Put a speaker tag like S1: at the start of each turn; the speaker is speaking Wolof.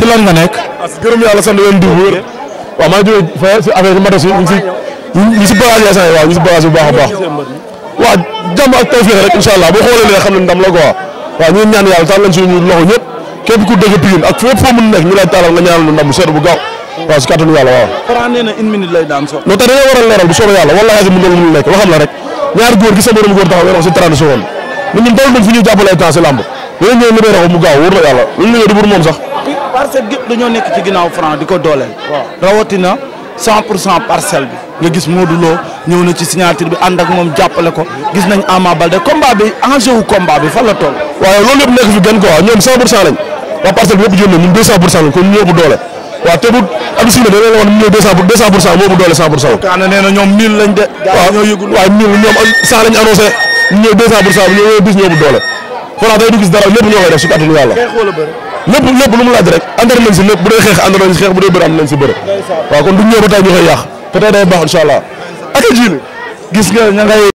S1: ci lan nga nekk. gërëm yàlla sant leen diw bu wér. waaw maa ngi jógee fa si affaire matos yi ñu ngi si ñu si bagage yi waaw ñu si bagage bu baax a baax. waaw jàmm ak tawfeex rek incha allah boo xoolee ne xam ne ndam la quoi waaw ñu ñaan yàlla taal lañ suñu loxo ñëpp képp ku dëgg Pikine ak fépp foo mën nekk ñu lay taalal nga ñaanal ndam bu seet bu gaaw waaw si kàttanu yàlla waaw.
S2: Franc nee na une minute lay daan soxla. non te dañoo war a leeral bu soobee yàlla wala xaasi mu doon lu nekk waxam la
S1: rek ñaari góor gi sa borom góor taxaw wax si 30 secondes ñun ñun toll nañ fi ñuy jàppale temps si làmb dañoo ñëw libéré ko mu gaaw wóor na yàlla luñ la yóbbu moom sax
S3: set gépp dañoo nekk ci ginnaaw Franc di ko dooleel. rawatina 100 pour cent parcelle bi. nga gis Modou Lo ñëw na ci signature bi ànd ak moom jàppale ko gis nañ Ama Baldé combat bi
S1: enjeu wu bi fan la toll. waaw loolu yëpp nekk fi gën ko waaw ñoom 100 pour pour cent lañ doole. waaw pour cent moo doole 100 pour day du gis dara lépp ñoo koy def su ko attanu yàlla. lépp lépp lu mu laaj rek ànd nañ si lépp bu dee xeex ànd nañ si xeex bu dee bëri ba tey ñu koy yàq te baax incha allah ak gis nga ña ngay